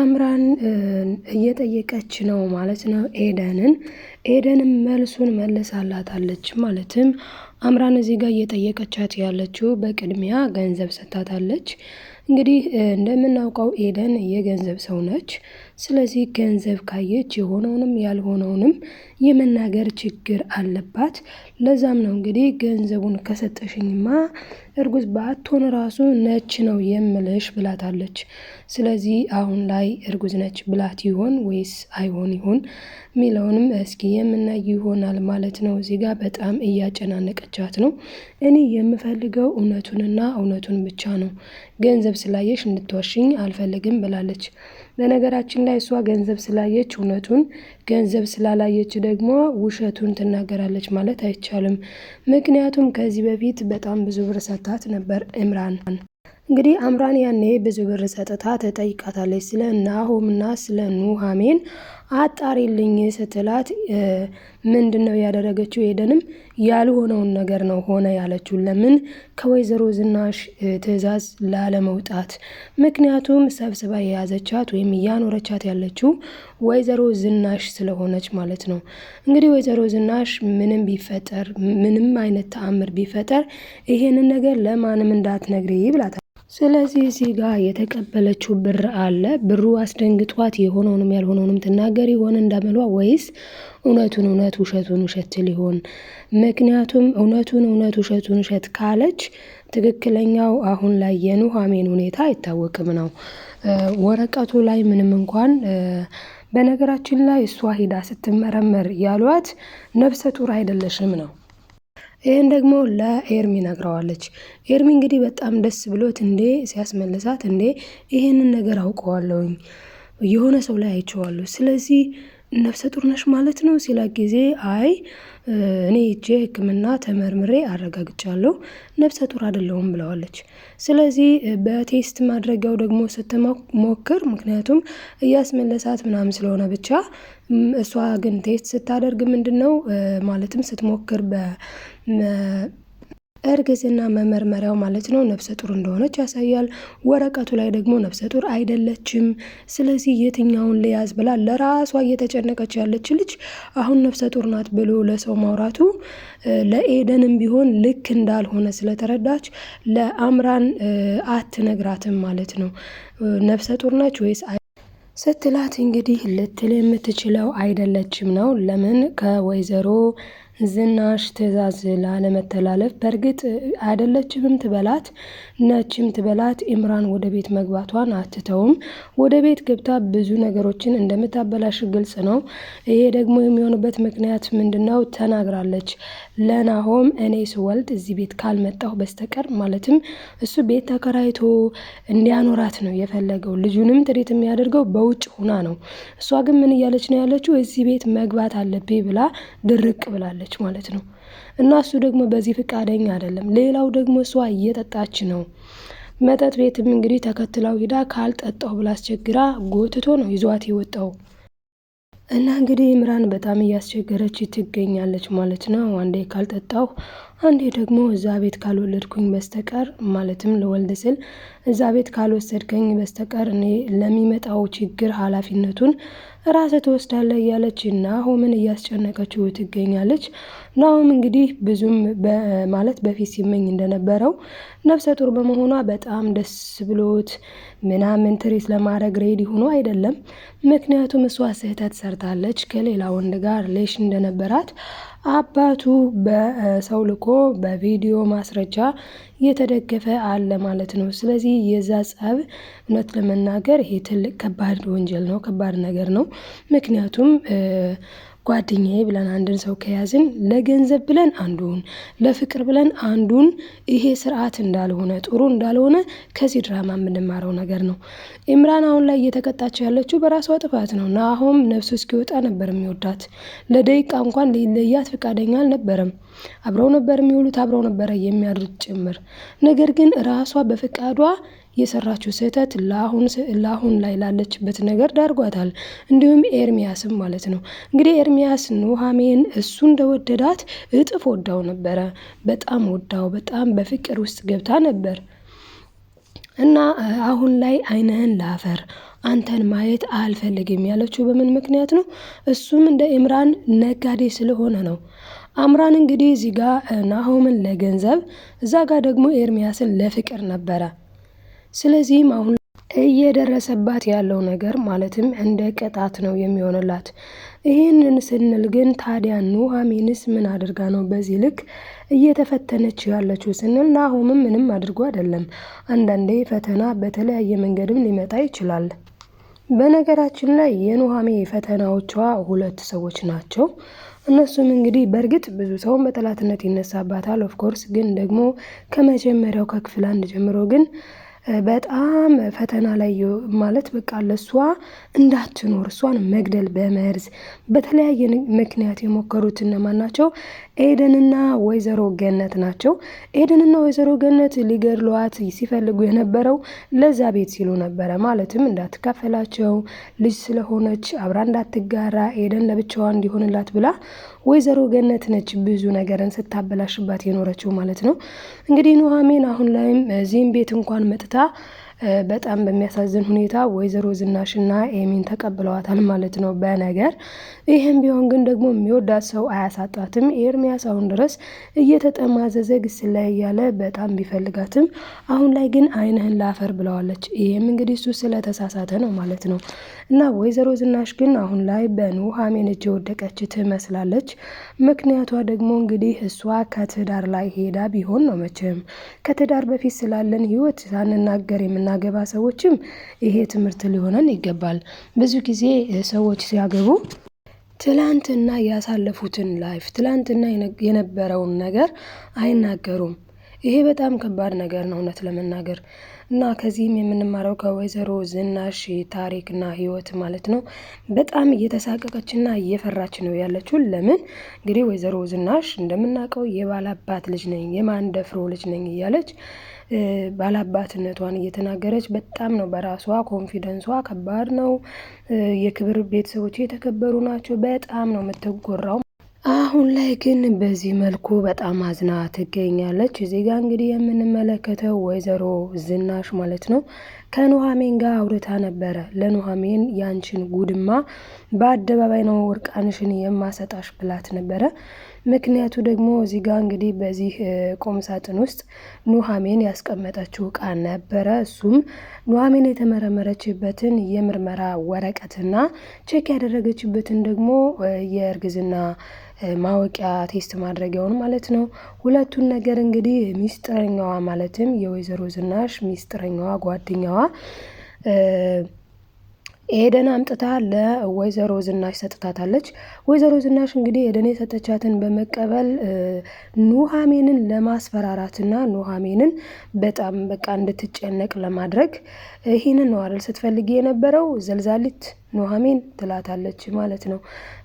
አምራን እየጠየቀች ነው ማለት ነው ኤደንን። ኤደንም መልሱን መልሳላታለች። ማለትም አምራን እዚህ ጋር እየጠየቀቻት ያለችው በቅድሚያ ገንዘብ ሰጥታታለች። እንግዲህ እንደምናውቀው ኤደን የገንዘብ ሰው ነች። ስለዚህ ገንዘብ ካየች የሆነውንም ያልሆነውንም የመናገር ችግር አለባት። ለዛም ነው እንግዲህ ገንዘቡን ከሰጠሽኝማ እርጉዝ ባትሆን ራሱ ነች ነው የምልሽ ብላታለች። ስለዚህ አሁን ላይ እርጉዝ ነች ብላት ይሆን ወይስ አይሆን ይሆን የሚለውንም እስኪ የምናይ ይሆናል ማለት ነው። እዚህ ጋር በጣም እያጨናነቀቻት ነው። እኔ የምፈልገው እውነቱንና እውነቱን ብቻ ነው። ገንዘብ ስላየሽ እንድትወሽኝ አልፈልግም ብላለች። በነገራችን ላይ እሷ ገንዘብ ስላየች እውነቱን፣ ገንዘብ ስላላየች ደግሞ ውሸቱን ትናገራለች ማለት አይቻልም። ምክንያቱም ከዚህ በፊት በጣም ብዙ ብር ሰጥታት ነበር እምራን። እንግዲህ አምራን ያኔ ብዙ ብር ሰጥታ ተጠይቃታለች ስለ ናሆምና ስለ ኑሃሜን አጣሪልኝ ስትላት ምንድን ነው ያደረገችው? ሄደንም ያልሆነውን ነገር ነው ሆነ ያለችው። ለምን ከወይዘሮ ዝናሽ ትዕዛዝ ላለመውጣት። ምክንያቱም ሰብስባ የያዘቻት ወይም እያኖረቻት ያለችው ወይዘሮ ዝናሽ ስለሆነች ማለት ነው። እንግዲህ ወይዘሮ ዝናሽ ምንም ቢፈጠር፣ ምንም አይነት ተአምር ቢፈጠር ይሄንን ነገር ለማንም እንዳትነግሪ ብላታል። ስለዚህ እዚህ ጋር የተቀበለችው ብር አለ። ብሩ አስደንግጧት የሆነውንም ያልሆነውንም ትናገር ይሆን እንደምሏ፣ ወይስ እውነቱን እውነት ውሸቱን ውሸት ሊሆን? ምክንያቱም እውነቱን እውነት ውሸቱን ውሸት ካለች ትክክለኛው አሁን ላይ የኑሐሚን ሁኔታ አይታወቅም ነው። ወረቀቱ ላይ ምንም እንኳን በነገራችን ላይ እሷ ሂዳ ስትመረመር ያሏት ነፍሰ ጡር አይደለሽም ነው ይህን ደግሞ ለኤርሚ ነግረዋለች። ኤርሚ እንግዲህ በጣም ደስ ብሎት እንዴ ሲያስመልሳት እንዴ ይህንን ነገር አውቀዋለሁኝ የሆነ ሰው ላይ አይቼዋለሁ ስለዚህ ነፍሰ ጡር ነሽ ማለት ነው ሲላ ጊዜ አይ እኔ እጄ ሕክምና ተመርምሬ አረጋግጫለሁ ነፍሰ ጡር አይደለሁም ብለዋለች። ስለዚህ በቴስት ማድረጊያው ደግሞ ስትሞክር ምክንያቱም እያስመለሳት ምናምን ስለሆነ ብቻ እሷ ግን ቴስት ስታደርግ ምንድን ነው ማለትም ስትሞክር በ እርግዝና መመርመሪያው ማለት ነው ነፍሰ ጡር እንደሆነች ያሳያል። ወረቀቱ ላይ ደግሞ ነፍሰ ጡር አይደለችም። ስለዚህ የትኛውን ልያዝ ብላ ለራሷ እየተጨነቀች ያለች ልጅ አሁን ነፍሰ ጡር ናት ብሎ ለሰው ማውራቱ ለኤደንም ቢሆን ልክ እንዳልሆነ ስለተረዳች ለአምራን አትነግራትም ማለት ነው። ነፍሰ ጡር ናች ወይስ ስትላት እንግዲህ ልትል የምትችለው አይደለችም ነው። ለምን ከወይዘሮ ዝናሽ ትእዛዝ ላለመተላለፍ በእርግጥ አይደለችምም ትበላት ነችም ትበላት ኢምራን ወደ ቤት መግባቷን አትተውም። ወደ ቤት ገብታ ብዙ ነገሮችን እንደምታበላሽ ግልጽ ነው። ይሄ ደግሞ የሚሆንበት ምክንያት ምንድን ነው? ተናግራለች ለናሆም እኔ ስወልድ እዚህ ቤት ካልመጣሁ በስተቀር ማለትም እሱ ቤት ተከራይቶ እንዲያኖራት ነው የፈለገው። ልጁንም ትሬት የሚያደርገው በውጭ ሁና ነው። እሷ ግን ምን እያለች ነው ያለችው? እዚህ ቤት መግባት አለብኝ ብላ ድርቅ ብላለች። ትችላለች ማለት ነው። እና እሱ ደግሞ በዚህ ፍቃደኛ አይደለም። ሌላው ደግሞ እሷ እየጠጣች ነው። መጠጥ ቤትም እንግዲህ ተከትለው ሂዳ ካልጠጣው ብላ አስቸግራ ጎትቶ ነው ይዟት የወጣው። እና እንግዲህ ምራን በጣም እያስቸገረች ትገኛለች ማለት ነው። አንዴ ካልጠጣው አንዴ ደግሞ እዛ ቤት ካልወለድኩኝ በስተቀር ማለትም ልወልድ ስል እዛ ቤት ካልወሰድከኝ በስተቀር እኔ ለሚመጣው ችግር ኃላፊነቱን ራስ ትወስዳለ እያለች ናሆምን እያስጨነቀችው ትገኛለች። ናሆም እንግዲህ ብዙም ማለት በፊት ሲመኝ እንደነበረው ነፍሰ ጡር በመሆኗ በጣም ደስ ብሎት ምናምን ትሬት ለማድረግ ሬዲ ሆኖ አይደለም። ምክንያቱም እሷ ስህተት ሰርታለች፣ ከሌላ ወንድ ጋር ሌሽ እንደነበራት አባቱ በሰው ልኮ በቪዲዮ ማስረጃ እየተደገፈ አለ ማለት ነው። ስለዚህ የዛ ጸብ እውነት ለመናገር ይሄ ትልቅ ከባድ ወንጀል ነው፣ ከባድ ነገር ነው። ምክንያቱም ጓደኛዬ ብለን አንድን ሰው ከያዝን ለገንዘብ ብለን አንዱን፣ ለፍቅር ብለን አንዱን ይሄ ስርዓት እንዳልሆነ ጥሩ እንዳልሆነ ከዚህ ድራማ የምንማረው ነገር ነው። ኢምራን አሁን ላይ እየተቀጣቸው ያለችው በራሷ ጥፋት ነው። ናሆም ነፍሱ እስኪወጣ ነበር የሚወዳት። ለደቂቃ እንኳን ሊለያት ፈቃደኛ አልነበረም። አብረው ነበር የሚውሉት፣ አብረው ነበረ የሚያድሩት ጭምር። ነገር ግን ራሷ በፈቃዷ የሰራችው ስህተት ለአሁን ላይ ላለችበት ነገር ዳርጓታል። እንዲሁም ኤርሚያስም ማለት ነው እንግዲህ ኤርሚያስ ኑሃሜን እሱ እንደወደዳት እጥፍ ወዳው ነበረ። በጣም ወዳው፣ በጣም በፍቅር ውስጥ ገብታ ነበር እና አሁን ላይ ዓይንህን ላፈር አንተን ማየት አልፈልግም ያለችው በምን ምክንያት ነው? እሱም እንደ ኢምራን ነጋዴ ስለሆነ ነው። አምራን እንግዲህ እዚህ ናሆምን ለገንዘብ እዛ ጋር ደግሞ ኤርሚያስን ለፍቅር ነበረ ስለዚህም አሁን እየደረሰባት ያለው ነገር ማለትም እንደ ቅጣት ነው የሚሆንላት። ይህንን ስንል ግን ታዲያ ኑሐሚንስ ምን አድርጋ ነው በዚህ ልክ እየተፈተነች ያለችው ስንል ናሆምም ምንም አድርጎ አይደለም። አንዳንዴ ፈተና በተለያየ መንገድም ሊመጣ ይችላል። በነገራችን ላይ የኑሐሚ ፈተናዎቿ ሁለት ሰዎች ናቸው። እነሱም እንግዲህ በእርግጥ ብዙ ሰውን በጠላትነት ይነሳባታል። ኦፍኮርስ ግን ደግሞ ከመጀመሪያው ከክፍል አንድ ጀምሮ ግን በጣም ፈተና ላይ ማለት በቃ ለእሷ እንዳትኖር እሷን መግደል በመርዝ በተለያየ ምክንያት የሞከሩት እነማን ናቸው? ኤደንና ወይዘሮ ገነት ናቸው። ኤደንና ወይዘሮ ገነት ሊገድሏት ሲፈልጉ የነበረው ለዛ ቤት ሲሉ ነበረ። ማለትም እንዳትካፈላቸው ልጅ ስለሆነች አብራ እንዳትጋራ ኤደን ለብቻዋ እንዲሆንላት ብላ ወይዘሮ ገነት ነች ብዙ ነገርን ስታበላሽባት የኖረችው ማለት ነው። እንግዲህ ኑሐሚን አሁን ላይም እዚህም ቤት እንኳን መጥታ በጣም በሚያሳዝን ሁኔታ ወይዘሮ ዝናሽና ኤሚን ተቀብለዋታል ማለት ነው በነገር። ይህም ቢሆን ግን ደግሞ የሚወዳት ሰው አያሳጣትም። ኤርሚያስ አሁን ድረስ እየተጠማዘዘ ግስ ላይ እያለ በጣም ቢፈልጋትም አሁን ላይ ግን አይንህን ላፈር ብለዋለች። ይህም እንግዲህ እሱ ስለተሳሳተ ነው ማለት ነው እና ወይዘሮ ዝናሽ ግን አሁን ላይ በኑሃሚን እጅ የወደቀች ትመስላለች። ምክንያቷ ደግሞ እንግዲህ እሷ ከትዳር ላይ ሄዳ ቢሆን ነው መቼም ከትዳር በፊት ስላለን ህይወት ሳንናገር የምና የምናገባ ሰዎችም ይሄ ትምህርት ሊሆነን ይገባል። ብዙ ጊዜ ሰዎች ሲያገቡ ትላንትና ያሳለፉትን ላይፍ ትላንትና የነበረውን ነገር አይናገሩም። ይሄ በጣም ከባድ ነገር ነው እውነት ለመናገር እና ከዚህም የምንማረው ከወይዘሮ ዝናሽ ታሪክና ህይወት ማለት ነው። በጣም እየተሳቀቀችና እየፈራች ነው ያለችው። ለምን እንግዲህ ወይዘሮ ዝናሽ እንደምናውቀው የባላባት ልጅ ነኝ የማንደፍሮ ልጅ ነኝ እያለች ባላባትነቷን እየተናገረች በጣም ነው በራሷ ኮንፊደንሷ ከባድ ነው። የክብር ቤተሰቦች የተከበሩ ናቸው። በጣም ነው የምትጎራው። አሁን ላይ ግን በዚህ መልኩ በጣም አዝና ትገኛለች። እዚህ ጋር እንግዲህ የምንመለከተው ወይዘሮ ዝናሽ ማለት ነው ከኑሐሜን ጋር አውርታ ነበረ። ለኑሐሜን ያንቺን ጉድማ በአደባባይ ነው ወርቃንሽን የማሰጣሽ ብላት ነበረ። ምክንያቱ ደግሞ እዚህ ጋር እንግዲህ በዚህ ቁም ሳጥን ውስጥ ኑሐሜን ያስቀመጠችው እቃ ነበረ። እሱም ኑሐሜን የተመረመረችበትን የምርመራ ወረቀትና ቼክ ያደረገችበትን ደግሞ የእርግዝና ማወቂያ ቴስት ማድረጊያውን ማለት ነው። ሁለቱን ነገር እንግዲህ ሚስጥረኛዋ ማለትም የወይዘሮ ዝናሽ ሚስጥረኛዋ ጓደኛዋ ኤደን አምጥታ ለወይዘሮ ዝናሽ ሰጥታታለች። ወይዘሮ ዝናሽ እንግዲህ ኤደን የሰጠቻትን በመቀበል ኑሃሜንን ለማስፈራራትና ኑሃሜንን በጣም በቃ እንድትጨነቅ ለማድረግ ይህንን ነው አይደል ስትፈልግ የነበረው ዘልዛሊት ኑሃሜን ትላታለች ማለት ነው።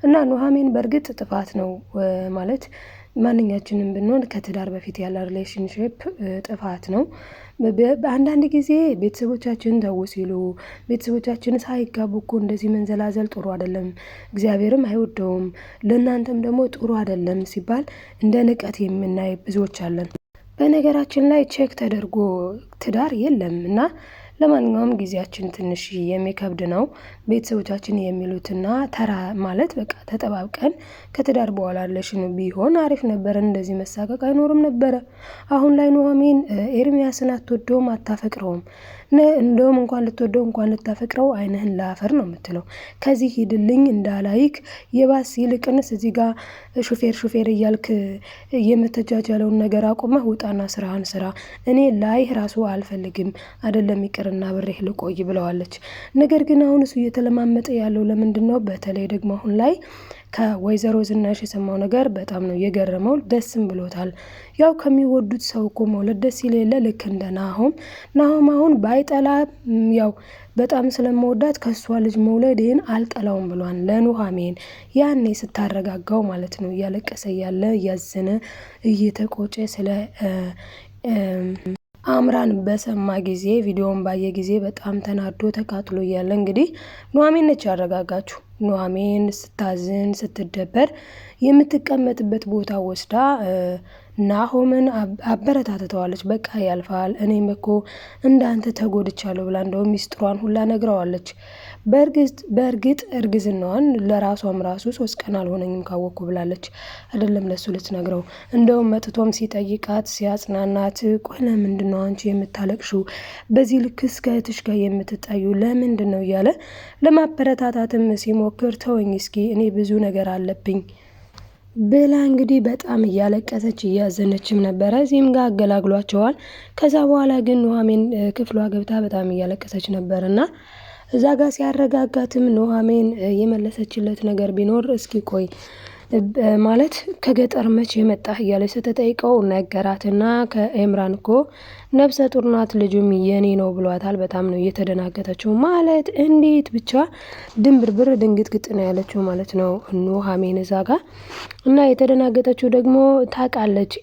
እና ኑሃሜን በእርግጥ ጥፋት ነው ማለት ማንኛችንም ብንሆን ከትዳር በፊት ያለ ሪሌሽንሽፕ ጥፋት ነው። በአንዳንድ ጊዜ ቤተሰቦቻችን ተው ሲሉ ቤተሰቦቻችን ሳይጋቡ እኮ እንደዚህ መንዘላዘል ጥሩ አይደለም፣ እግዚአብሔርም አይወደውም፣ ለእናንተም ደግሞ ጥሩ አይደለም ሲባል እንደ ንቀት የምናይ ብዙዎች አለን። በነገራችን ላይ ቼክ ተደርጎ ትዳር የለም እና ለማንኛውም ጊዜያችን ትንሽ የሚከብድ ነው። ቤተሰቦቻችን የሚሉትና ተራ ማለት በቃ ተጠባብቀን ከትዳር በኋላ ለሽኑ ቢሆን አሪፍ ነበረ። እንደዚህ መሳቀቅ አይኖርም ነበረ። አሁን ላይ ኑሐሚን ኤርሚያስን አትወደውም፣ አታፈቅረውም። እንደውም እንኳን ልትወደው እንኳን ልታፈቅረው አይንህን ላፈር ነው የምትለው። ከዚህ ሂድልኝ እንዳላይክ የባስ ይልቅንስ እዚህ ጋር ሹፌር ሹፌር እያልክ የምትጃጃለውን ነገር አቁመህ ውጣና ስራህን ስራ። እኔ ላይህ ራሱ አልፈልግም አደለም ይቅርና ብሬህ ልቆይ ብለዋለች። ነገር ግን አሁን እሱ እየተለማመጠ ያለው ለምንድን ነው? በተለይ ደግሞ አሁን ላይ ከወይዘሮ ዝናሽ የሰማው ነገር በጣም ነው የገረመው። ደስም ብሎታል። ያው ከሚወዱት ሰው እኮ መውለድ ደስ ይለለ ልክ እንደ ናሆም ናሆም አሁን ባይጠላ ያው በጣም ስለመወዳት ከእሷ ልጅ መውለድን አልጠላውም ብሏል ለኑሐሚን ያኔ ስታረጋጋው ማለት ነው። እያለቀሰ ያለ እያዘነ እየተቆጨ ስለ አምራን በሰማ ጊዜ ቪዲዮን ባየ ጊዜ በጣም ተናዶ ተቃጥሎ እያለ እንግዲህ ኑሐሚን ነች ያረጋጋችሁ። ኑሐሚን ስታዝን ስትደበር የምትቀመጥበት ቦታ ወስዳ ናሆምን አበረታትተዋለች። በቃ ያልፋል፣ እኔም እኮ እንዳንተ ተጎድቻለሁ ብላ እንደው ሚስጥሯን ሁላ ነግረዋለች። በእርግጥ እርግዝናዋን ለራሷም ራሱ ሶስት ቀን አልሆነኝም ካወቅኩ ብላለች። አይደለም ለሱ ልትነግረው እንደውም መጥቶም ሲጠይቃት ሲያጽናናት፣ ቆይ ለምንድን ነው አንቺ የምታለቅሽው? በዚህ ልክ እስከ እህትሽ ጋር የምትጣዩ ለምንድን ነው እያለ ለማበረታታትም ሲሞ ልሞክር ተወኝ እስኪ እኔ ብዙ ነገር አለብኝ ብላ እንግዲህ በጣም እያለቀሰች እያዘነችም ነበረ። እዚህም ጋር አገላግሏቸዋል። ከዛ በኋላ ግን ኑሐሚን ክፍሏ ገብታ በጣም እያለቀሰች ነበር እና እዛ ጋር ሲያረጋጋትም ኑሐሚን የመለሰችለት ነገር ቢኖር እስኪ ቆይ ማለት ከገጠር መቼ የመጣህ እያለች ስትጠይቀው ነገራትና ከኤምራን እኮ ነብሰ ጡር ናት ልጁም የኔ ነው ብሏታል። በጣም ነው እየተደናገጠችው። ማለት እንዴት ብቻ ድንብርብር ድንግጥግጥ ነው ያለችው ማለት ነው ኑሃሜን እዛ ጋ እና የተደናገጠችው ደግሞ ታውቃለች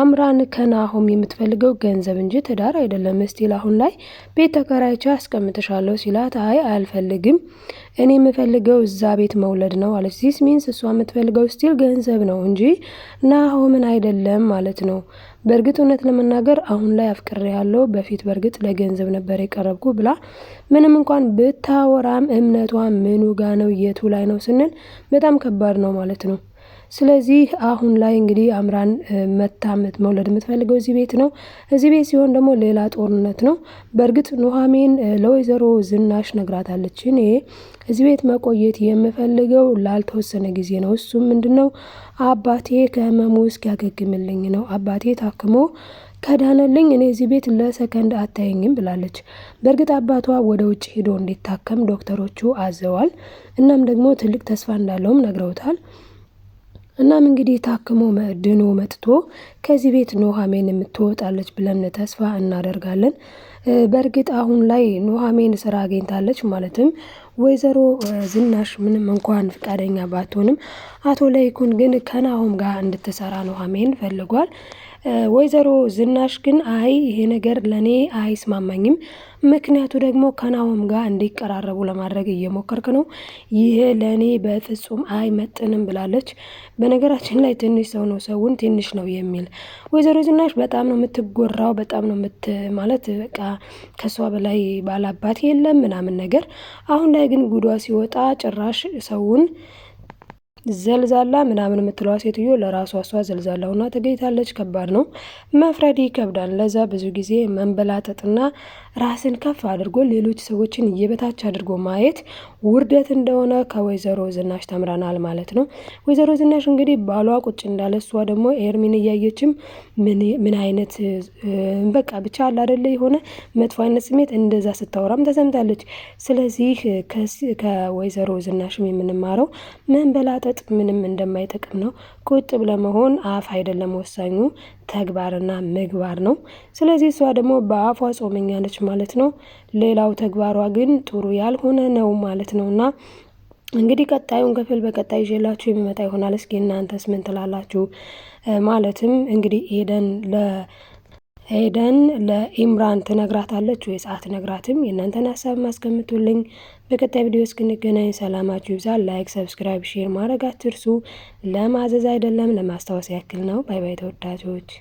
አምራን ከናሆም የምትፈልገው ገንዘብ እንጂ ትዳር አይደለም። እስቲል አሁን ላይ ቤት ተከራይቼ አስቀምጥሻለሁ ሲላት አይ አልፈልግም፣ እኔ የምፈልገው እዛ ቤት መውለድ ነው አለች። ዚስ ሚንስ እሷ የምትፈልገው ስቲል ገንዘብ ነው እንጂ ናሆምን አይደለም ማለት ነው። በእርግጥ እውነት ለመናገር አሁን ላይ አፍቅሬ ያለው በፊት በእርግጥ ለገንዘብ ነበር የቀረብኩ ብላ ምንም እንኳን ብታወራም እምነቷ ምኑ ጋ ነው የቱ ላይ ነው ስንል በጣም ከባድ ነው ማለት ነው። ስለዚህ አሁን ላይ እንግዲህ አምራን መታመት መውለድ የምትፈልገው እዚህ ቤት ነው። እዚህ ቤት ሲሆን ደግሞ ሌላ ጦርነት ነው። በእርግጥ ኑሐሚን ለወይዘሮ ዝናሽ ነግራታለች። እኔ እዚህ ቤት መቆየት የምፈልገው ላልተወሰነ ጊዜ ነው። እሱም ምንድን ነው አባቴ ከህመሙ እስኪያገግምልኝ ነው። አባቴ ታክሞ ከዳነልኝ እኔ እዚህ ቤት ለሰከንድ አታየኝም ብላለች። በእርግጥ አባቷ ወደ ውጭ ሄዶ እንዲታከም ዶክተሮቹ አዘዋል። እናም ደግሞ ትልቅ ተስፋ እንዳለውም ነግረውታል። እናም እንግዲህ ታክሞ ድኖ መጥቶ ከዚህ ቤት ኑሃሜን የምትወጣለች ብለን ተስፋ እናደርጋለን። በእርግጥ አሁን ላይ ኑሃሜን ስራ አግኝታለች። ማለትም ወይዘሮ ዝናሽ ምንም እንኳን ፈቃደኛ ባትሆንም አቶ ለይኩን ግን ከናሆም ጋር እንድትሰራ ኑሃሜን ፈልጓል። ወይዘሮ ዝናሽ ግን አይ ይሄ ነገር ለእኔ አይስማማኝም፣ ምክንያቱ ደግሞ ከናሆም ጋር እንዲቀራረቡ ለማድረግ እየሞከርክ ነው፣ ይሄ ለእኔ በፍጹም አይመጥንም ብላለች። በነገራችን ላይ ትንሽ ሰው ነው ሰውን ትንሽ ነው የሚል ወይዘሮ ዝናሽ በጣም ነው የምትጎራው። በጣም ነው ምት ማለት በቃ ከሷ በላይ ባላባት የለም ምናምን ነገር። አሁን ላይ ግን ጉዷ ሲወጣ ጭራሽ ሰውን ዘልዛላ ምናምን የምትለዋ ሴትዮ ለራሷ እሷ ዘልዛላ ሆና ተገኝታለች። ከባድ ነው፣ መፍረድ ይከብዳል። ለዛ ብዙ ጊዜ መንበላጠጥና ራስን ከፍ አድርጎ ሌሎች ሰዎችን እየበታች አድርጎ ማየት ውርደት እንደሆነ ከወይዘሮ ዝናሽ ተምረናል ማለት ነው። ወይዘሮ ዝናሽ እንግዲህ ባሏ ቁጭ እንዳለ እሷ ደግሞ ኤርሚን እያየችም ምን አይነት በቃ ብቻ አላደለ የሆነ መጥፎ አይነት ስሜት እንደዛ ስታወራም ተሰምታለች። ስለዚህ ከወይዘሮ ዝናሽም የምንማረው መንበላጠጥ ምንም እንደማይጠቅም ነው። ቁጥብ ለመሆን አፍ አይደለም ወሳኙ ተግባርና ምግባር ነው። ስለዚህ እሷ ደግሞ በአፏ ጾመኛለች ማለት ነው። ሌላው ተግባሯ ግን ጥሩ ያልሆነ ነው ማለት ነውና እንግዲህ ቀጣዩን ክፍል በቀጣይ ይዤላችሁ የሚመጣ ይሆናል። እስኪ እናንተስ ምን ትላላችሁ? ማለትም እንግዲህ ኤደን ለ ሄደን ለኢምራን ትነግራታለች ወይስ አትነግራትም? የእናንተን ሀሳብ ማስቀምጡልኝ። በቀጣይ ቪዲዮ እስክንገናኝ ሰላማችሁ ይብዛ። ላይክ፣ ሰብስክራይብ፣ ሼር ማድረግ አትርሱ። ለማዘዝ አይደለም ለማስታወስ ያክል ነው። ባይ ባይ ተወዳጆች።